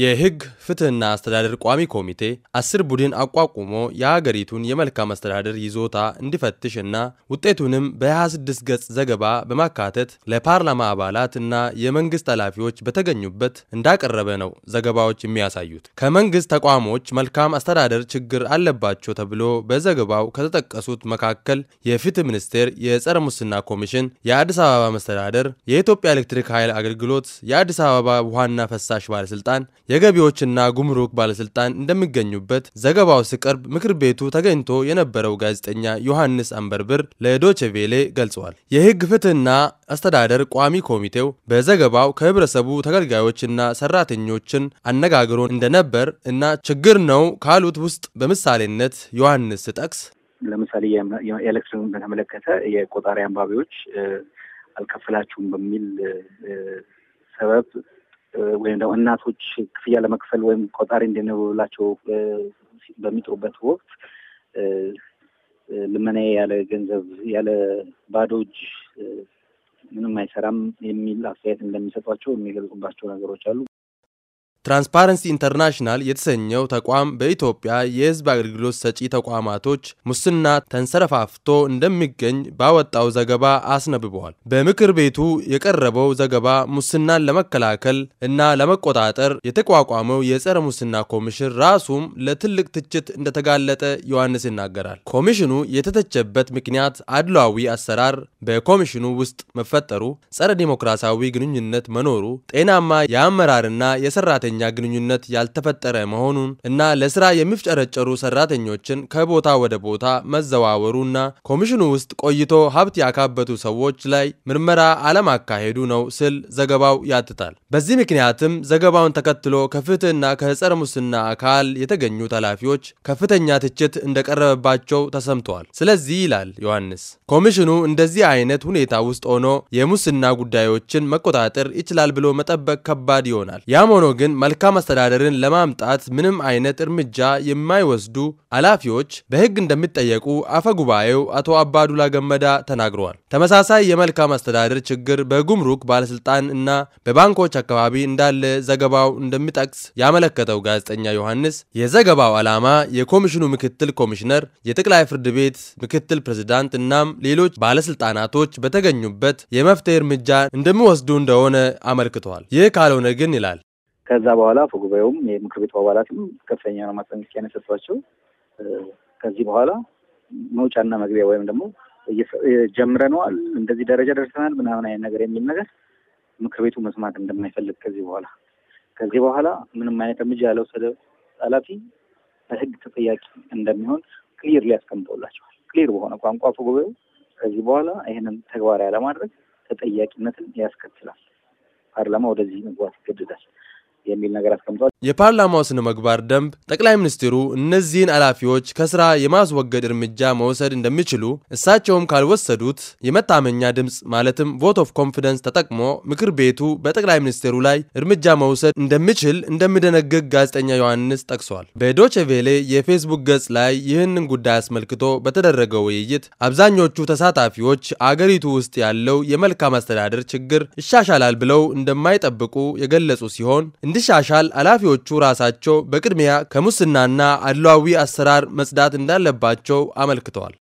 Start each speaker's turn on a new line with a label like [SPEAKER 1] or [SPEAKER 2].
[SPEAKER 1] የህግ ፍትህና አስተዳደር ቋሚ ኮሚቴ አስር ቡድን አቋቁሞ የሀገሪቱን የመልካም አስተዳደር ይዞታ እንዲፈትሽ እና ውጤቱንም በ26 ገጽ ዘገባ በማካተት ለፓርላማ አባላት እና የመንግስት ኃላፊዎች በተገኙበት እንዳቀረበ ነው ዘገባዎች የሚያሳዩት። ከመንግስት ተቋሞች መልካም አስተዳደር ችግር አለባቸው ተብሎ በዘገባው ከተጠቀሱት መካከል የፍትህ ሚኒስቴር፣ የጸረ ሙስና ኮሚሽን፣ የአዲስ አበባ መስተዳደር፣ የኢትዮጵያ ኤሌክትሪክ ኃይል አገልግሎት፣ የአዲስ አበባ ውሃና ፈሳሽ ባለስልጣን የገቢዎችና ጉምሩክ ባለስልጣን እንደሚገኙበት ዘገባው ሲቀርብ ምክር ቤቱ ተገኝቶ የነበረው ጋዜጠኛ ዮሐንስ አንበርብር ለዶችቬሌ ገልጸዋል። የህግ ፍትህና አስተዳደር ቋሚ ኮሚቴው በዘገባው ከህብረተሰቡ ተገልጋዮችና ሰራተኞችን አነጋግሮ እንደነበር እና ችግር ነው ካሉት ውስጥ በምሳሌነት ዮሐንስ ስጠቅስ
[SPEAKER 2] ለምሳሌ የኤሌክትሪን በተመለከተ የቆጣሪ አንባቢዎች አልከፍላችሁም በሚል ሰበብ ወይም ደግሞ እናቶች ክፍያ ለመክፈል ወይም ቆጣሪ እንዲኖርላቸው በሚጥሩበት ወቅት ልመናዬ ያለ ገንዘብ ያለ ባዶ እጅ ምንም አይሰራም የሚል አስተያየት እንደሚሰጧቸው የሚገልጹባቸው ነገሮች አሉ።
[SPEAKER 1] ትራንስፓረንሲ ኢንተርናሽናል የተሰኘው ተቋም በኢትዮጵያ የሕዝብ አገልግሎት ሰጪ ተቋማቶች ሙስና ተንሰረፋፍቶ እንደሚገኝ ባወጣው ዘገባ አስነብበዋል። በምክር ቤቱ የቀረበው ዘገባ ሙስናን ለመከላከል እና ለመቆጣጠር የተቋቋመው የጸረ ሙስና ኮሚሽን ራሱም ለትልቅ ትችት እንደተጋለጠ ዮሐንስ ይናገራል። ኮሚሽኑ የተተቸበት ምክንያት አድሏዊ አሰራር በኮሚሽኑ ውስጥ መፈጠሩ፣ ጸረ ዲሞክራሲያዊ ግንኙነት መኖሩ፣ ጤናማ የአመራርና የሰራተኛ ቀጥተኛ ግንኙነት ያልተፈጠረ መሆኑን እና ለስራ የሚፍጨረጨሩ ሰራተኞችን ከቦታ ወደ ቦታ መዘዋወሩና ኮሚሽኑ ውስጥ ቆይቶ ሀብት ያካበቱ ሰዎች ላይ ምርመራ አለማካሄዱ ነው ስል ዘገባው ያትታል። በዚህ ምክንያትም ዘገባውን ተከትሎ ከፍትህና ከጸረ ሙስና አካል የተገኙት ኃላፊዎች ከፍተኛ ትችት እንደቀረበባቸው ተሰምተዋል። ስለዚህ ይላል ዮሐንስ ኮሚሽኑ እንደዚህ አይነት ሁኔታ ውስጥ ሆኖ የሙስና ጉዳዮችን መቆጣጠር ይችላል ብሎ መጠበቅ ከባድ ይሆናል። ያም ሆኖ ግን መልካም አስተዳደርን ለማምጣት ምንም አይነት እርምጃ የማይወስዱ ኃላፊዎች በሕግ እንደሚጠየቁ አፈ ጉባኤው አቶ አባዱላ ገመዳ ተናግረዋል። ተመሳሳይ የመልካም አስተዳደር ችግር በጉምሩክ ባለስልጣን እና በባንኮች አካባቢ እንዳለ ዘገባው እንደሚጠቅስ ያመለከተው ጋዜጠኛ ዮሐንስ የዘገባው ዓላማ የኮሚሽኑ ምክትል ኮሚሽነር፣ የጠቅላይ ፍርድ ቤት ምክትል ፕሬዝዳንት እናም ሌሎች ባለስልጣናቶች በተገኙበት የመፍትሄ እርምጃ እንደሚወስዱ እንደሆነ አመልክተዋል። ይህ ካልሆነ ግን ይላል
[SPEAKER 2] ከዛ በኋላ አፈ ጉባኤውም የምክር ቤቱ አባላትም ከፍተኛ ነው ማስጠንቀቂያ የሰጧቸው። ከዚህ በኋላ መውጫና መግቢያ ወይም ደግሞ ጀምረነዋል፣ እንደዚህ ደረጃ ደርሰናል፣ ምናምን አይነት ነገር የሚል ነገር ምክር ቤቱ መስማት እንደማይፈልግ ከዚህ በኋላ ከዚህ በኋላ ምንም አይነት እርምጃ ያልወሰደ ኃላፊ በህግ ተጠያቂ እንደሚሆን ክሊር ሊያስቀምጠውላቸዋል። ክሊር በሆነ ቋንቋ አፈ ጉባኤው ከዚህ በኋላ ይህንን ተግባራዊ ያለማድረግ ተጠያቂነትን ያስከትላል። ፓርላማ ወደዚህ መግባት ይገድዳል። የሚል ነገር አስቀምጧል።
[SPEAKER 1] የፓርላማው ስነ ምግባር ደንብ ጠቅላይ ሚኒስትሩ እነዚህን ኃላፊዎች ከስራ የማስወገድ እርምጃ መውሰድ እንደሚችሉ እሳቸውም ካልወሰዱት የመታመኛ ድምፅ ማለትም ቮት ኦፍ ኮንፊደንስ ተጠቅሞ ምክር ቤቱ በጠቅላይ ሚኒስትሩ ላይ እርምጃ መውሰድ እንደሚችል እንደሚደነግግ ጋዜጠኛ ዮሐንስ ጠቅሷል። በዶቼ ቬሌ የፌስቡክ ገጽ ላይ ይህንን ጉዳይ አስመልክቶ በተደረገው ውይይት አብዛኞቹ ተሳታፊዎች አገሪቱ ውስጥ ያለው የመልካም አስተዳደር ችግር ይሻሻላል ብለው እንደማይጠብቁ የገለጹ ሲሆን እንዲሻሻል ኃላፊዎቹ ራሳቸው በቅድሚያ ከሙስናና አድሏዊ አሰራር መጽዳት እንዳለባቸው አመልክተዋል።